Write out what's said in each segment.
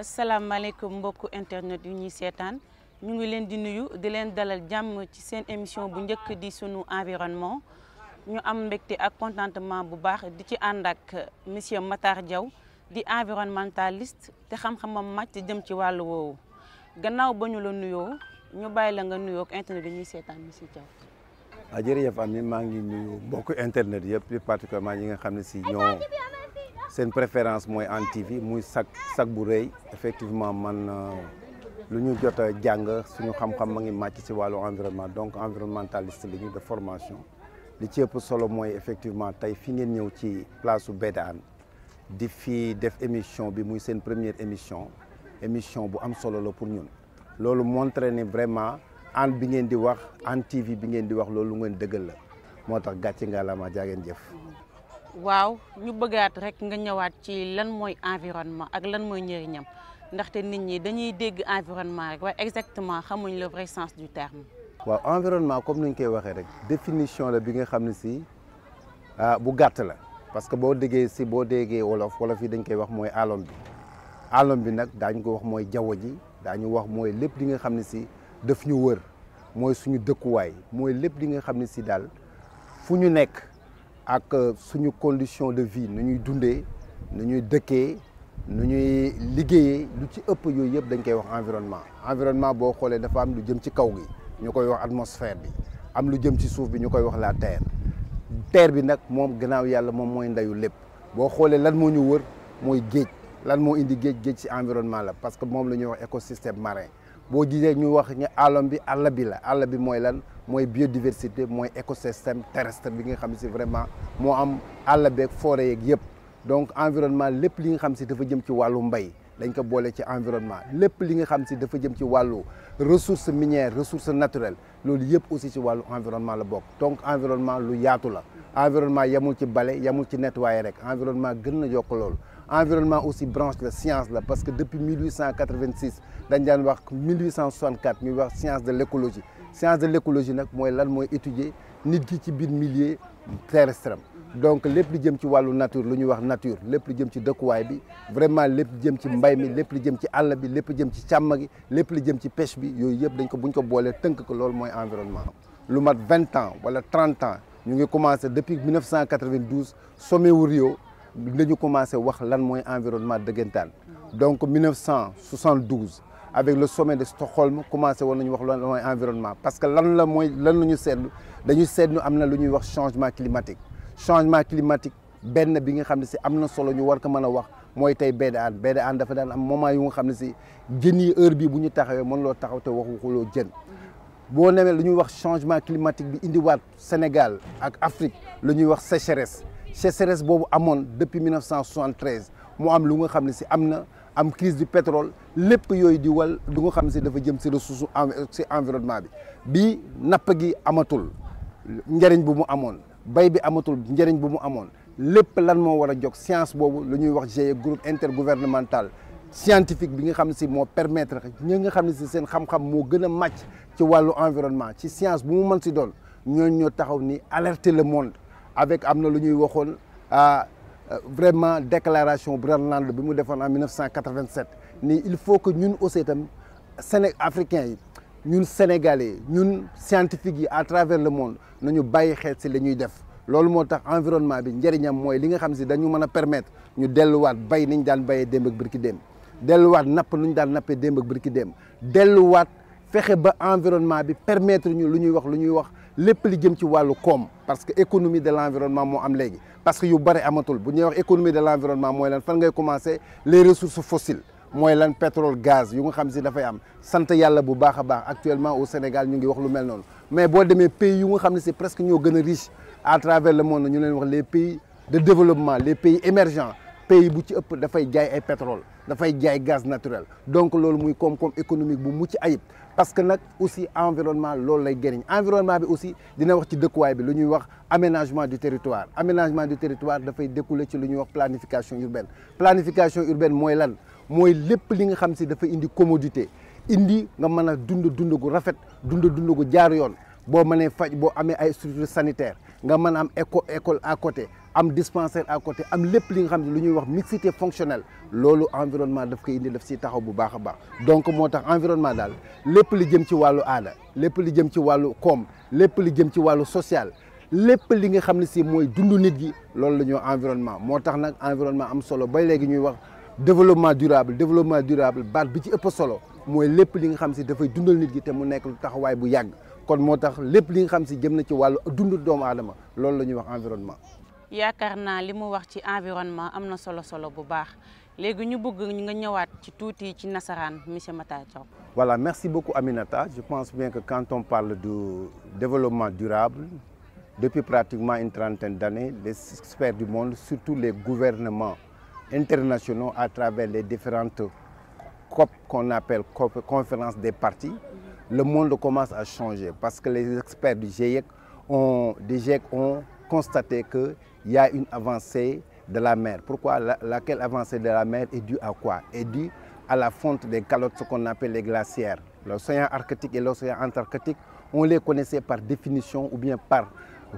asalaamaaleykum mbokku internet yu ñuy seetaan ñu ngi leen di nuyu di leen dalal jàmm ci seen émission bu njëkk di sunu environnement ñu am été ak contentement bu baax di ci monsieur Matar Diaw di environnementaliste te xam-xamam màcc jëm ci wàllu woowu gannaaw ba ñu la nuyoo ñu bàyyi la nga nuyoo ak internet yu ñuy seetaan monsieur Diaw. Ah, jërëjëf Amine maa ngi nuyu beaucoup internet a plus particulièrement ñi nga xam ne ñoo c'est une préférence moi en TV moi sac sac bu effectivement man euh, lu ñu jot a jàng suñu xam-xam ma match c'est ci wàllu environnement donc environnementaliste la de formation li ci ëpp solo moi effectivement tey fi ngeen ci place su Hann di fi def émission bi c'est une première émission émission bu am solo la pour ñun lolo montrer ne vraiment Hann bi ngeen di wax en TV bi ngeen di wax loolu ngeen dëggal la moo nga la ma jaageen jëf waaw ñu bëggaat rek nga ñëwaat ci lan mooy environnement ak lan mooy njëriñam ndaxte nit ñi dañuy dégg environnement rek waaye exactement xamuñ le vrai sens du terme. waaw environnement comme ni ñu koy waxee rek définition la bi nga xam ne si ah, bu gàtt la parce que boo déggee si boo déggee wolof wolof yi dañ koy wax mooy alom bi alom bi nag daañu ko wax mooy jaww ji daañu wax mooy lépp li nga xam ne si daf ñu wër mooy suñu dëkkuwaay mooy lépp li nga xam si daal fu ñu ak euh, suñu condition de vie nu ñuy dundee nu ñuy dëkkee nu ñuy liggéeyee lu ci ëpp yooyu yëpp dañ koy wax environnement environnement boo xoolee dafa am lu jëm ci kaw gi ñu koy wax atmosphère bi am lu jëm ci suuf bi ñu koy wax la terre terre bi nag moom gannaaw yàlla moom mooy ndayu lépp boo xoolee lan moo ñu wër mooy géej lan moo indi géej géej ci environnement la parce que moom la ñuy wax écosystème marin boo gisee ñu wax ñu àllam bi àll bi la àll bi mooy lan mooy biodiversité mooy écosystème terrestre bi nga vraiment moi am àll beeg forêt et yëpp donc environnement le plus nga xam si dafa jëm ci wàllu mbay dañ ko boole ci environnement le li nga xam si dafa jëm ci wàllu ressource minière ressource naturelle loolu aussi ci wàllu environnement la bok donc environnement lu y la environnement yamul ci y yamul ci nettoyer rek environnement gën na yokk environnement aussi branche la science parce que depuis 1886 dañ daan wax 1864 ñuy wax science de l'écologie science de l'écologie. nak moy lan moy étudier nit Donc, ci biir milieu terrestre donc lepp li jëm ci walu nature lu ñu wax nature lepp li jëm ci dëkkuwaay bi vraiment lepp jëm ci mbay mi lepp li jëm ci plus bi lepp jëm ci càmm gi lepp li jëm ci pêche bi yoy yeb dañ ko buñ ko bolé teunk ko lool environnement lu mat 20 ans wala 30 ans ñu ngi commencé depuis 1992 sommet wu Rio dañu commencé wax lan moy environnement dëggantaan donc 1972 avec le sommet de Stockholm commencé woon nañu wax loolu mooy environnement parce que lan la mooy lan la ñu seetlu dañu seetlu am na wax changement climatique changement climatique Ben bi nga xam ne si am na solo ñu war ko mën a wax mooy tey baie de Hann baie de Hann dafa daan am moment yu nga xam ne si heure bii bu ñu taxawee mën loo taxaw te waxu xuloo jën boo wax changement climatique bi indiwaat Sénégal ak Afrique lu ñuy wax sécheresse sécheresse boobu amoon depuis 1973 mu am lu nga xam ne si am crise du pétrole les yoy di wal du nga xam ci dafa jëm si nous ci environnement bi bi nap gi amatul njariñ bu mu amone bay bi amatul njariñ bu mu amone lepp lan mo wara science lu ñuy wax e groupe intergouvernemental scientifique bi nga xam permettre nga xam ci xam-xam science bu mu alerter le monde avec amna lu ñuy ah, euh, vraiment déclaration Brandland bi en 1987 ni il faut que ñun aussi tam sénégalais africains ñun sénégalais ñun scientifiques yi à travers le monde nañu baye xel ci li ñuy def loolu motax environnement bi njëriñam moy li nga xam ci dañu mëna permettre ñu delluwaat bay ni dal daan bayee démb ak bërki démb delluwaat napp nu ñu daan nappee démb ak bërki démb delluwaat fexé ba environnement bi permettre ñu lu ñuy wax lu ñuy wax lépp li jëm ci wàllu koom parce que économie de l'environnement environnement am parce que yu bëri amatul bu wax économie de l'environnement moi mooy lan fan ngay commencer les ressources fossiles mooy lan pétrole gaz yu nga xam si dafay am sant yàlla bu baax baax actuellement au Sénégal ñu ngi wax lu mel non mais boo demee pays yu nga xam c'est presque ñoo gën riche à travers le monde ñu leen wax les pays de développement les pays émergents pays bu ci ëpp dafay jaay ay pétrole dafay jaay gaz naturel donc loolu com comme économique bu mucc ayib parce que nag aussi environnement loolu lay gëriñ environnement bi aussi dina wax ci dëkkuwaay bi lu ñuy wax aménagement du territoire aménagement du territoire fay découler ci lu ñuy wax planification urbaine planification urbaine moy lan moy lepp li nga xam da fay indi commodité indi nga mëna dund dund gu rafet dund dund gu jaar yoon bo mënee faj bo amé ay structure sanitaire nga mën am école école à côté am dispensaire à côté am lepp li nga xamni lu ñuy wax mixité fonctionnelle lolu environnement daf koy indi daf ci taxaw bu baaxa baax donc motax environnement dal lepp li jëm ci walu aada lepp li jëm ci walu kom lepp li jëm ci walu social lepp li nga xamni ne moy dundu nit gi lolu lañu environnement motax nak environnement am solo bay léegi ñuy wax développement durable développement durable baat bi ci ëpp solo mooy lépp li nga xam si dafay dundal nit gi te mu nekk lu taxawaay bu yàgg kon moo tax lépp li nga xam si jëm na ci wàllu dund doomu aadama loolu la ñuy wax environnement environnement voilà merci beaucoup Aminata je pense bien que quand on parle de développement durable depuis pratiquement une trentaine d'années les experts du monde surtout les gouvernements internationaux à travers les différentes COP qu'on appelle COP conférence des parties le monde commence à changer parce que les experts du GIEC ont du GIEC ont constater qu'il y a une avancée de la mer. Pourquoi Laquelle avancée de la mer est due à quoi Est due à la fonte des calottes, ce qu'on appelle les glacières. L'océan Arctique et l'océan Antarctique, on les connaissait par définition ou bien par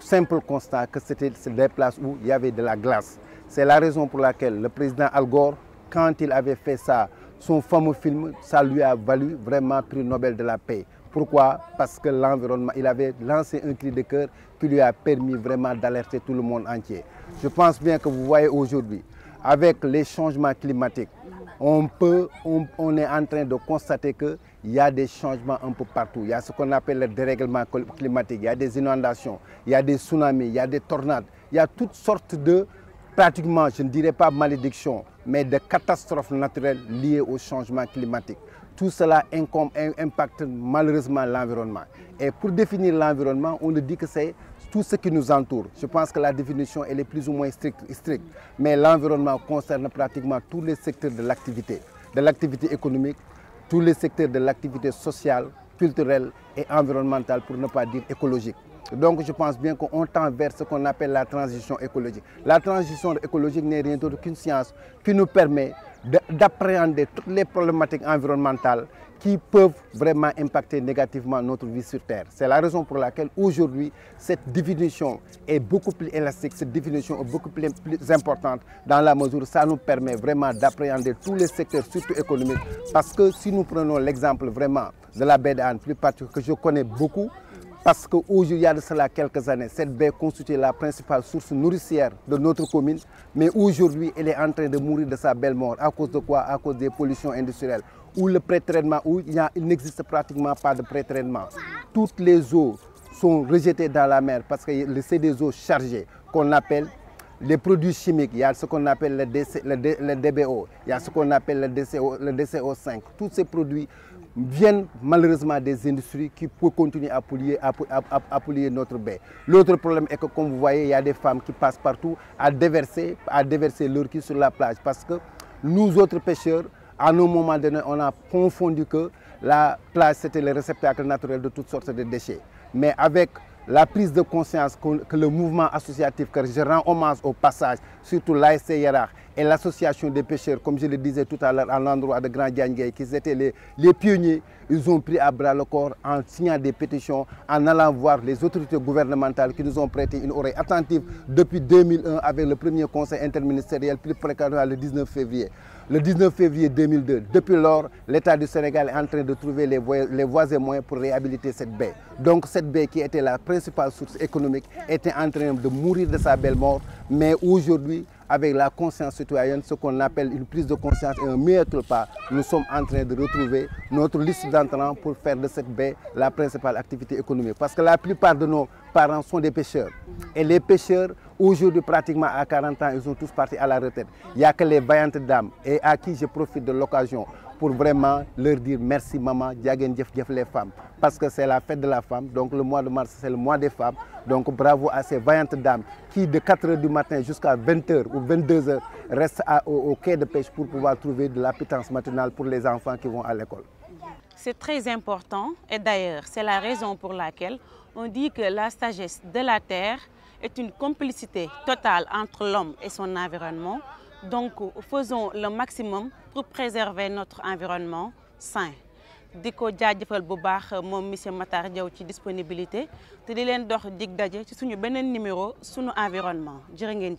simple constat que c'était des places où il y avait de la glace. C'est la raison pour laquelle le président Al Gore, quand il avait fait ça, son fameux film, ça lui a valu vraiment prix Nobel de la paix. Pourquoi Parce que l'environnement, il avait lancé un cri de cœur qui lui a permis vraiment d'alerter tout le monde entier. Je pense bien que vous voyez aujourd'hui, avec les changements climatiques, on, peut, on, est en train de constater qu'il y a des changements un peu partout. Il y a ce qu'on appelle le dérèglement climatique, il y a des inondations, il y a des tsunamis, il y a des tornades, il y a toutes sortes de, pratiquement, je ne dirais pas malédictions, mais de catastrophes naturelles liées au changement climatique. Tout cela impacte malheureusement l'environnement. Et pour définir l'environnement, on dit que c'est tout ce qui nous entoure. Je pense que la définition elle est plus ou moins stricte, stricte. mais l'environnement concerne pratiquement tous les secteurs de l'activité, de l'activité économique, tous les secteurs de l'activité sociale, culturelle et environnementale, pour ne pas dire écologique. Donc je pense bien qu'on tend vers ce qu'on appelle la transition écologique. La transition écologique n'est rien d'autre qu'une science qui nous permet d'appréhender toutes les problématiques environnementales qui peuvent vraiment impacter négativement notre vie sur Terre. C'est la raison pour laquelle aujourd'hui, cette définition est beaucoup plus élastique, cette définition est beaucoup plus, importante dans la mesure où ça nous permet vraiment d'appréhender tous les secteurs, surtout économiques. Parce que si nous prenons l'exemple vraiment de la baie d'Anne, plus particulièrement que je connais beaucoup, parce qu'aujourd'hui, il y a de cela quelques années, cette baie constituait la principale source nourricière de notre commune. Mais aujourd'hui, elle est en train de mourir de sa belle mort. À cause de quoi À cause des pollutions industrielles. Ou le pré-traitement, où il, n'existe pratiquement pas de pré-traitement. Toutes les eaux sont rejetées dans la mer parce que c'est des eaux chargées qu'on appelle les produits chimiques, il y a ce qu'on appelle le, le, DBO, il y a ce qu'on appelle le, DCO, le 5 Tous ces produits viennent malheureusement des industries qui peuvent continuer à polluer, à, notre baie. L'autre problème est que, comme vous voyez, il y a des femmes qui passent partout à déverser, à déverser leur qui sur la plage parce que nous autres pêcheurs, à nos moments donnés, on a confondu que la plage, c'était le réceptacle naturel de toutes sortes de déchets. Mais avec la prise de conscience que, le mouvement associatif, que je rends hommage au passage, surtout l'ASC et l'association des pêcheurs, comme je le disais tout à l'heure à l'endroit de Grand Dianguay, qui étaient les, pionniers, ils ont pris à bras le corps en signant des pétitions, en allant voir les autorités gouvernementales qui nous ont prêté une oreille attentive depuis 2001 avec le premier conseil interministériel, plus précaire le 19 février. Le 19 février 2002, depuis lors, l'État du Sénégal est en train de trouver les les voies et moyens pour réhabiliter cette baie. Donc cette baie qui était la principale source économique était en train de mourir de sa belle mort, mais aujourd'hui, avec la conscience citoyenne, ce qu'on appelle une prise de conscience et un meilleur pas, nous sommes en train de retrouver notre liste d'entrants pour faire de cette baie la principale activité économique. Parce que la plupart de nos parents sont des pêcheurs. Mhm. Et les pêcheurs, aujourd'hui pratiquement à 40 ans, ils sont tous partis à la retraite. Il n'y a que les vaillantes dames et à qui je profite de l'occasion pour vraiment leur dire merci maman, les femmes. Parce que c'est la fête de la femme, donc le mois de mars c'est le mois des femmes. Donc bravo à ces vaillantes dames qui de 4h du matin jusqu'à 20h ou 22h restent au, quai de pêche pour pouvoir trouver de l'appétence matinale pour les enfants qui vont à l'école. C'est très important et d'ailleurs c'est la raison pour laquelle on dit que la sagesse de la terre est une complicité totale entre l'homme et son environnement donc, faisons le maximum pour préserver notre environnement sain. Diko ko bu baax euh, mom monsieur Matar Diaw ci disponibilité te di len dox dig daje ci suñu benen numéro suñu environnement Jere ngeen